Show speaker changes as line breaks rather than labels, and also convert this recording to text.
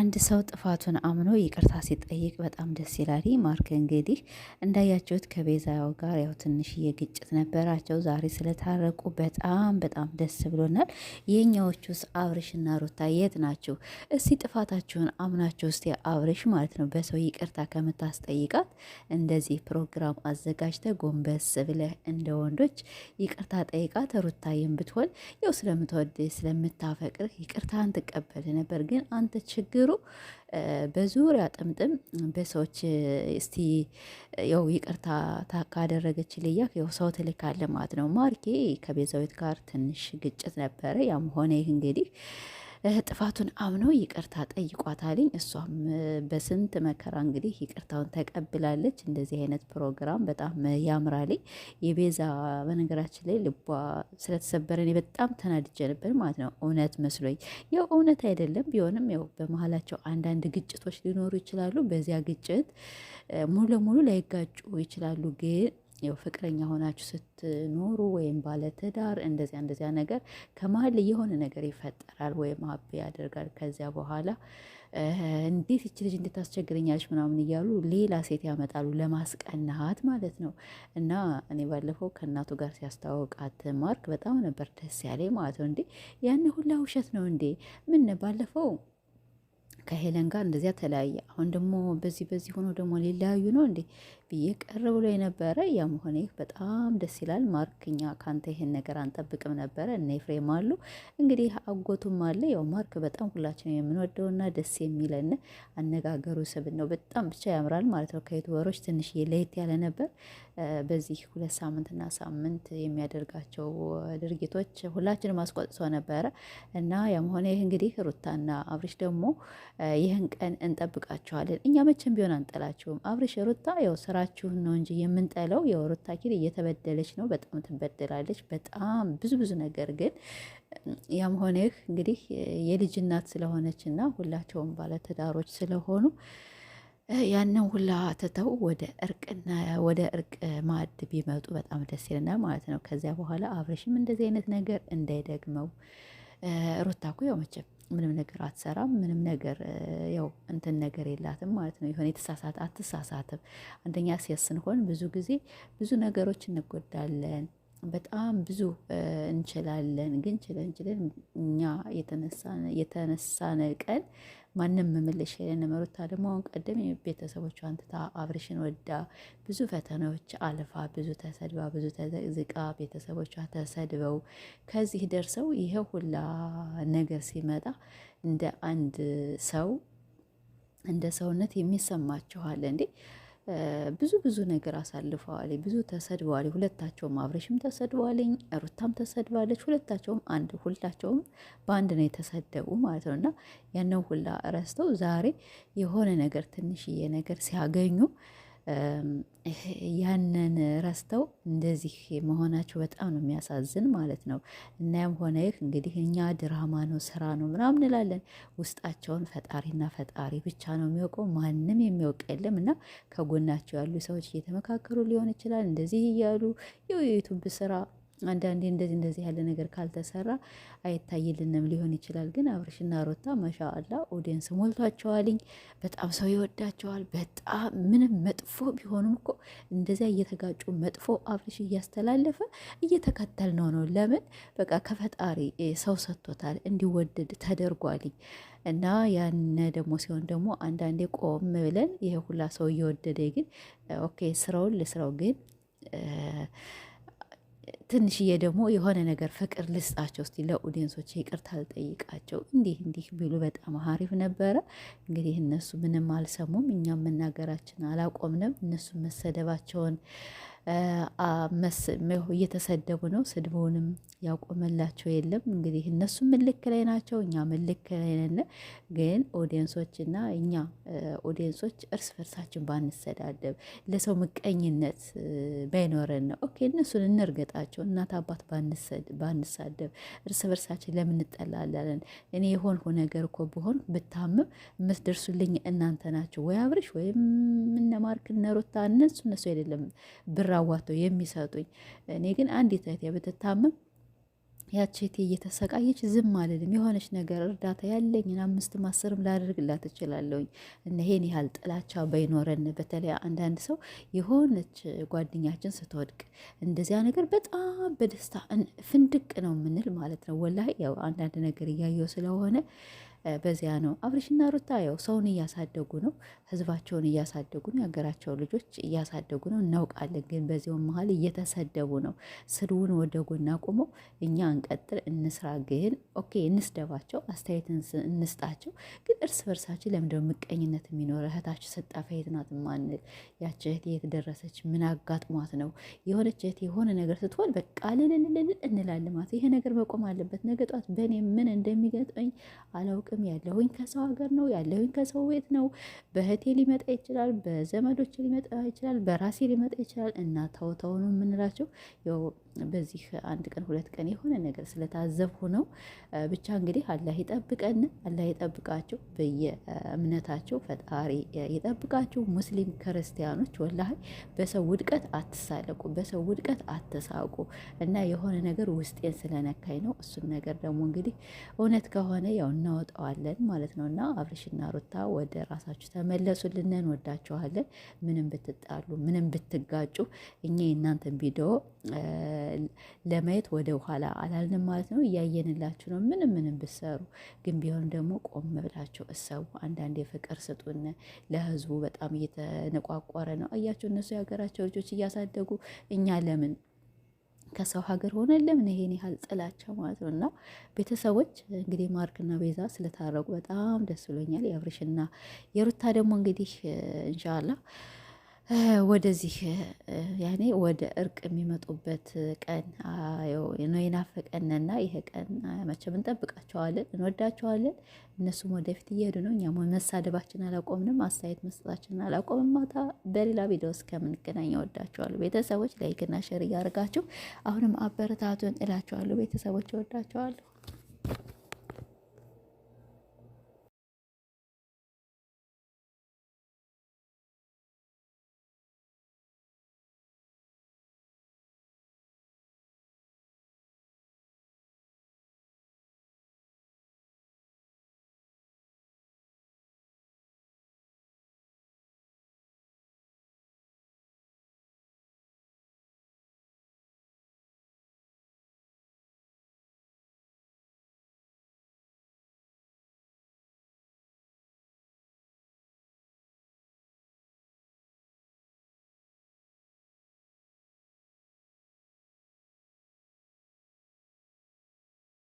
አንድ ሰው ጥፋቱን አምኖ ይቅርታ ሲጠይቅ በጣም ደስ ይላል። ማርክ እንግዲህ እንዳያችሁት ከቤዛው ጋር ያው ትንሽዬ ግጭት ነበራቸው። ዛሬ ስለታረቁ በጣም በጣም ደስ ብሎናል። የኛዎቹስ አብርሽና ሩታ የት ናችሁ? እስቲ ጥፋታችሁን አምናችሁ እስቲ አብርሽ ማለት ነው በሰው ይቅርታ ከምታስጠይቃት እንደዚህ ፕሮግራም አዘጋጅተ ጎንበስ ብለህ እንደ ወንዶች ይቅርታ ጠይቃት። ሩታዬን ብትሆን ያው ስለምትወድ ስለምታፈቅርህ ይቅርታን ትቀበል ነበር። ግን አንተ ችግሩ ስትሉ በዙሪያ ጥምጥም በሰዎች እስቲ ያው ይቅርታ ካደረገች ልያ ያው ሰው ትልካለ ማለት ነው። ማርኬ ከቤዛዊት ጋር ትንሽ ግጭት ነበረ። ያም ሆነ ይህ እንግዲህ ጥፋቱን አምኖ ይቅርታ ጠይቋታልኝ። እሷም በስንት መከራ እንግዲህ ይቅርታውን ተቀብላለች። እንደዚህ አይነት ፕሮግራም በጣም ያምራልኝ። የቤዛ በነገራችን ላይ ልቧ ስለተሰበረ እኔ በጣም ተናድጄ ነበር ማለት ነው። እውነት መስሎኝ ያው እውነት አይደለም ቢሆንም ያው በመሀላቸው አንዳንድ ግጭቶች ሊኖሩ ይችላሉ። በዚያ ግጭት ሙሉ ለሙሉ ላይጋጩ ይችላሉ ግን ያው ፍቅረኛ ሆናችሁ ስትኖሩ ወይም ባለትዳር እንደዚያ እንደዚያ ነገር ከመሀል የሆነ ነገር ይፈጠራል ወይም ሀብ ያደርጋል። ከዚያ በኋላ እንዴት እች ልጅ እንዴት ታስቸግረኛለች ምናምን እያሉ ሌላ ሴት ያመጣሉ ለማስቀናት ማለት ነው። እና እኔ ባለፈው ከእናቱ ጋር ሲያስተዋውቃት ማርክ በጣም ነበር ደስ ያለኝ ማለት ነው። እንዴ ያን ሁላ ውሸት ነው እንዴ? ምን ባለፈው ከሄለን ጋር እንደዚያ ተለያየ። አሁን ደግሞ በዚህ በዚህ ሆኖ ደግሞ ሊለያዩ ነው እንዴ? ብዬ ቀርብ ብሎ የነበረ ያ መሆኔ በጣም ደስ ይላል። ማርክ እኛ ካንተ ይሄን ነገር አንጠብቅም ነበረ። እነ ኤፍሬም አሉ እንግዲህ አጎቱም አለ። ያው ማርክ በጣም ሁላችን የምንወደውና ደስ የሚለን አነጋገሩ ስብን ነው። በጣም ብቻ ያምራል ማለት ነው። ከዩቱበሮች ትንሽ ለየት ያለ ነበር። በዚህ ሁለት ሳምንትና ሳምንት የሚያደርጋቸው ድርጊቶች ሁላችንም አስቆጥቶ ነበረ እና ያ መሆኔ ይህ እንግዲህ ሩታና አብሪሽ ደግሞ ይህን ቀን እንጠብቃቸዋለን። እኛ መቼም ቢሆን አንጠላችሁም። አብሪሽ ሩታ ያው ስራ ፍቅራችሁን ነው እንጂ የምንጠለው። የወሮታ ኪድ እየተበደለች ነው፣ በጣም ትበደላለች፣ በጣም ብዙ ብዙ ነገር። ግን ያም ሆነህ እንግዲህ የልጅ እናት ስለሆነች እና ሁላቸውም ባለትዳሮች ስለሆኑ ያንን ሁላ ትተው ወደ እርቅና ወደ እርቅ ማዕድ ቢመጡ በጣም ደስ ይለናል ማለት ነው። ከዚያ በኋላ አብረሽም እንደዚህ አይነት ነገር እንዳይደግመው ሩታ እኮ ያው መቼም ምንም ነገር አትሰራም። ምንም ነገር ያው እንትን ነገር የላትም ማለት ነው። የሆነ የተሳሳት አትሳሳትም። አንደኛ ሴት ስንሆን ብዙ ጊዜ ብዙ ነገሮች እንጎዳለን። በጣም ብዙ እንችላለን፣ ግን ችለን ችለን እኛ የተነሳነ ቀን ማንም መመለሻ የለንም። ሩታ ደግሞ አሁን ቀደም ቤተሰቦቿን ትታ አብርሽን ወዳ ብዙ ፈተናዎች አልፋ ብዙ ተሰድባ ብዙ ተዘቅዝቃ ቤተሰቦቿ ተሰድበው ከዚህ ደርሰው ይሄ ሁላ ነገር ሲመጣ እንደ አንድ ሰው እንደ ሰውነት የሚሰማችኋል እንዴ? ብዙ ብዙ ነገር አሳልፈዋል። ብዙ ተሰድበዋል። ሁለታቸውም አብረሽም ተሰድበዋልኝ፣ ሩታም ተሰድባለች። ሁለታቸውም አንድ ሁላቸውም በአንድ ነው የተሰደቡ ማለት ነው። እና ያንን ሁላ ረስተው ዛሬ የሆነ ነገር ትንሽዬ ነገር ሲያገኙ ያንን ረስተው እንደዚህ መሆናቸው በጣም ነው የሚያሳዝን ማለት ነው። እና ሆነ ይህ እንግዲህ እኛ ድራማ ነው ስራ ነው ምናምን እንላለን። ውስጣቸውን ፈጣሪና ፈጣሪ ብቻ ነው የሚያውቀው፣ ማንም የሚያውቅ የለም። እና ከጎናቸው ያሉ ሰዎች እየተመካከሩ ሊሆን ይችላል እንደዚህ እያሉ የዩቱብ ስራ አንዳንዴ እንደዚህ እንደዚህ ያለ ነገር ካልተሰራ አይታይልንም ሊሆን ይችላል። ግን አብርሽና ሮታ ማሻአላ ኦዲየንስ ሞልቷቸዋልኝ። በጣም ሰው ይወዳቸዋል። በጣም ምንም መጥፎ ቢሆኑም እኮ እንደዚያ እየተጋጩ መጥፎ አብርሽ እያስተላለፈ እየተከተል ነው ነው ለምን በቃ ከፈጣሪ ሰው ሰጥቶታል እንዲወደድ ተደርጓልኝ። እና ያነ ደግሞ ሲሆን ደግሞ አንዳንዴ ቆም ብለን ይሄ ሁላ ሰው እየወደደ ግን ኦኬ ስራውን ለስራው ግን ትንሽዬ ደግሞ የሆነ ነገር ፍቅር ልስጣቸው እስቲ ለኦዲየንሶች ይቅርታ ልጠይቃቸው እንዲህ እንዲህ ቢሉ በጣም አሪፍ ነበረ። እንግዲህ እነሱ ምንም አልሰሙም፣ እኛም መናገራችን አላቆምንም። እነሱ መሰደባቸውን እየተሰደቡ ነው። ስድቡንም ያቆመላቸው የለም። እንግዲህ እነሱ ምልክ ላይ ናቸው፣ እኛ ምልክ ላይ ነን። ግን እና እኛ ኦዲየንሶች እርስ በርሳችን ባንሰዳደብ፣ ለሰው ምቀኝነት ባይኖረን ነው። ኦኬ እነሱን እንርገጣቸው፣ እናት አባት ባንሳደብ፣ እርስ በርሳችን ለምንጠላላለን? እኔ የሆንሁ ነገር እኮ ብሆን ብታምም የምትደርሱልኝ እናንተ ናቸው፣ ወይ አብርሽ ወይም እነማርክ እነሩታ እነሱ እነሱ አይደለም ብር ብር አዋተው የሚሰጡኝ። እኔ ግን አንዲት እህቴ ብትታምም ያቺ እህቴ እየተሰቃየች ዝም አልልም። የሆነች ነገር እርዳታ ያለኝን አምስትም አስርም ላደርግላት እችላለሁኝ። ይሄን ያህል ጥላቻ ባይኖረን፣ በተለይ አንዳንድ ሰው የሆነች ጓደኛችን ስትወድቅ እንደዚያ ነገር በጣም በደስታ ፍንድቅ ነው የምንል ማለት ነው። ወላሂ ያው አንዳንድ ነገር እያየው ስለሆነ በዚያ ነው። አብርሽና ሩታ ያው ሰውን እያሳደጉ ነው፣ ህዝባቸውን እያሳደጉ ነው፣ የሀገራቸውን ልጆች እያሳደጉ ነው እናውቃለን። ግን በዚሁ መሀል እየተሰደቡ ነው። ስድቡን ወደ ጎን አቁመው እኛ እንቀጥል፣ እንስራ። ግን ኦኬ እንስደባቸው፣ አስተያየት እንስጣቸው። ግን እርስ በርሳችን ለምንድነው ምቀኝነት የሚኖረ? እህታችሁ ሰጣፊ የት ናት ማንል? ያች እህት የት ደረሰች? ምን አጋጥሟት ነው? የሆነች እህት የሆነ ነገር ስትሆን በቃ ልልልልል እንላለማት። ይሄ ነገር መቆም አለበት። ነገ ጧት በእኔ ምን እንደሚገጥመኝ አላውቅ አላውቅም። ያለሁኝ ከሰው ሀገር ነው ያለሁኝ ከሰው ቤት ነው። በእህቴ ሊመጣ ይችላል፣ በዘመዶች ሊመጣ ይችላል፣ በራሴ ሊመጣ ይችላል እና ተውተውኑ የምንላቸው በዚህ አንድ ቀን ሁለት ቀን የሆነ ነገር ስለታዘብኩ ነው። ብቻ እንግዲህ አላህ ይጠብቀን፣ አላህ ይጠብቃቸው፣ በየእምነታቸው ፈጣሪ ይጠብቃቸው። ሙስሊም ክርስቲያኖች ወላሂ በሰው ውድቀት አትሳለቁ፣ በሰው ውድቀት አትሳቁ። እና የሆነ ነገር ውስጤን ስለነካኝ ነው። እሱም ነገር ደግሞ እንግዲህ እውነት ከሆነ ያው እናወጣዋለን ማለት ነው። እና አብርሽና ሩታ ወደ ራሳችሁ ተመለሱልን፣ እንወዳችኋለን። ምንም ብትጣሉ፣ ምንም ብትጋጩ እኛ የእናንተን ቪዲዮ ለማየት ወደ ኋላ አላልንም ማለት ነው። እያየንላችሁ ነው። ምንም ምንም ብሰሩ ግን ቢሆንም ደግሞ ቆም ብላችሁ እሰቡ። አንዳንድ የፍቅር ስጡን። ለህዝቡ በጣም እየተነቋቋረ ነው። አያችሁ፣ እነሱ የሀገራቸው ልጆች እያሳደጉ እኛ ለምን ከሰው ሀገር ሆነ ለምን ይሄን ያህል ጥላቸው ማለት ነው። እና ቤተሰቦች እንግዲህ ማርክና ቤዛ ስለታረቁ በጣም ደስ ብሎኛል። የአብርሽና የሩታ ደግሞ እንግዲህ እንሻላ ወደዚህ ያኔ ወደ እርቅ የሚመጡበት ቀን ነው የናፈቀንና ይሄ ቀን መቼም እንጠብቃቸዋለን፣ እንወዳቸዋለን። እነሱም ወደፊት እየሄዱ ነው። እኛም መሳደባችን አላቆምንም፣ አስተያየት መስጠታችን አላቆምም። ማታ በሌላ ቪዲዮ እስከምንገናኝ እወዳቸዋለሁ። ቤተሰቦች ላይክና ሸር እያደርጋችሁ አሁንም አበረታቱን እላቸዋለሁ። ቤተሰቦች እወዳቸዋለሁ።